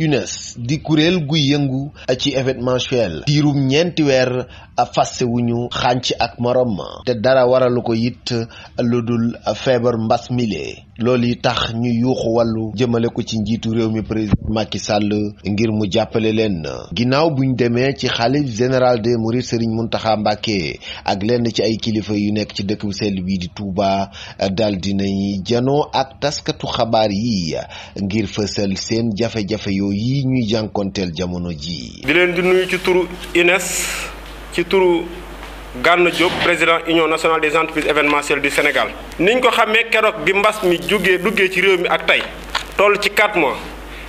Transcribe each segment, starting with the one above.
UNES di kuréel guy yëngu ci événementiel diirum ñeenti weer wu ñu xànc ak morom te dara waralu ko it lu dul feebar mbas mile loolu yi tax ñu yuuxu wàllu jëmale ko ci njiitu réew mi président Macky sàll ngir mu jàppale leen ginnaaw buñ demee ci xalif général des mourides Serigne Mountakha Mbacké ak lenn ci ay kilifa yu nekk ci dëkk bu sell bii di Touba daldi dinañ janoo ak taskatu xabaar yi ngir fësal seen jafe-jafe yooyu yi ñuy jànkoonteel jamono ji di leen di nuyu ci turu Ines ci turu Gana Diop président union nationale des entreprises événementielles du Sénégal. ni ñu ko xamee keroog bi mbas mi jugee duggee ci réew ak toll ci 4 mois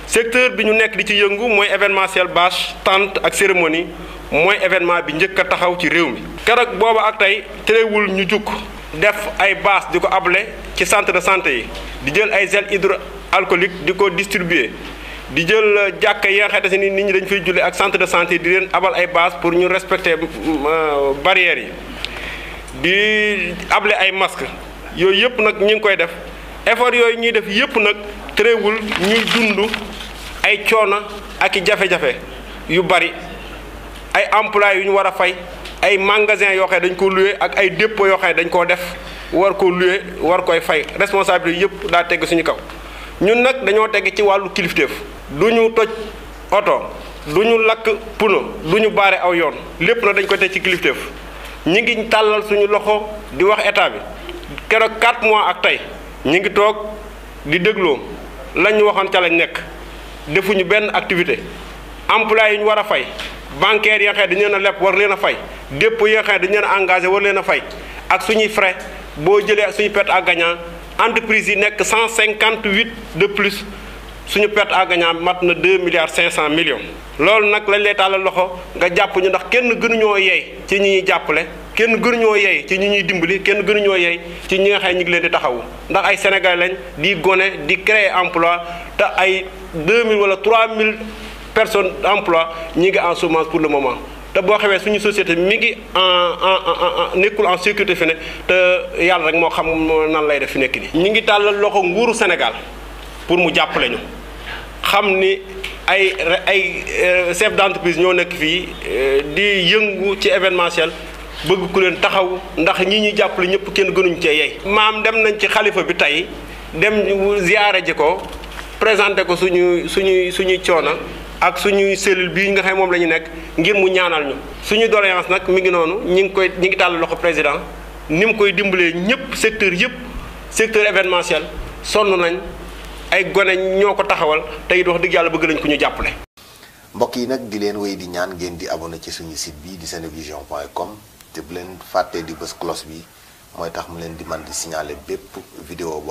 secteur bi ñu nekk di ci yëngu événementiel bâche tente ak cérémonie mooy événement bi njëkk a taxaw ci réew mi. keroog booba ak tey terewul ñu jukk def ay bâche di ko ci centre de santé yi di jël ay gel hydroalcoolique di distribuer. di jël jàkka yi nga xamante ni nit ñi dañ fay julli ak centre de santé di leen abal ay base pour ñu respecter euh, barrières yi di able ay masque yooyu yëpp nag ñu ngi koy def effort yooyu ñuy def yëpp nag tréewul ñuy dund ay coono ak i jafe-jafe yu bari ay emploi yu ñu war a fay ay magasin yoo xam ne dañ ko loué ak ay dépôt yoo xam ne dañ koo def war ko loué war koy fay responsabilité yëpp daa teg suñu kaw ñun nag dañoo teg ci wàllu kilifteef duñu toj auto duñu lak puno duñu bare aw yoon lepp na dañ ko teg ci kliftef ñi ngi talal suñu loxo di wax état bi kéro 4 mois ak tay ñi ngi tok di deglo lañ waxon ci lañ nek defuñu ben activité employé yi ñu wara fay bancaire yoo ya xé dañu leen lepp war leena fay dépôt yoo ya xé dañu leen a engagé war leena fay ak suñu frais bo jëlé suñu pet à gagnant entreprise yi nek 158 de plus suñu perte à gagnant mat na 2 milliards 500 millions loolu nak lañ lay talal loxo nga japp ñu ndax kenn gënuñoo yey ci ñi ñuy jàppale kenn gënuñoo yey ci ñi ñuy dimbali kenn gënuñoo yey ci ñi nga xay ñi ñu ngi leen di taxawu ndax ay Sénégal lañ di goné di créer emploi ta ay 2000 wala 3000 personnes emploi ñi ngi en chômage pour le moment. te boo xamee suñu société mi ngi en en nekkul en sécurité fi ne te yàlla rek moo xam nan lay def fi nekk nii. ñi ngi tàllal loxo nguuru Sénégal pour mu jàppale ñu. xam ni ay ay euh, chef d'entreprise ñoo nekk fii euh, di yëngu ci événementiel bëgg ku leen taxaw ndax ñi ñuy jàppale ñëpp kenn gënuñu cee yey. maam dem nañ ci xalifa bi tey dem ziyaare ji ko présenté ko suñu suñuy suñuy coono ak suñuy cellule bii nga xam moom la ñu nekk ngir mu ñaanal ñu. suñu doléance nag mi ngi noonu ñi ngi koy ñi ngi tàll loxo président ni mu koy dimbalee ñëpp secteur yëpp secteur événementiel sonn nañ. ay gone ñoo ko taxawal tey it wax dëgg yàlla bëgg nañ ko ñu jàppale. mbokk yi nag di leen wéy di ñaan ngeen di abonné ci suñu site bi di senevision point com te bu leen fàttee di bës cloche bi mooy tax mu leen di man di signaler bépp vidéo boo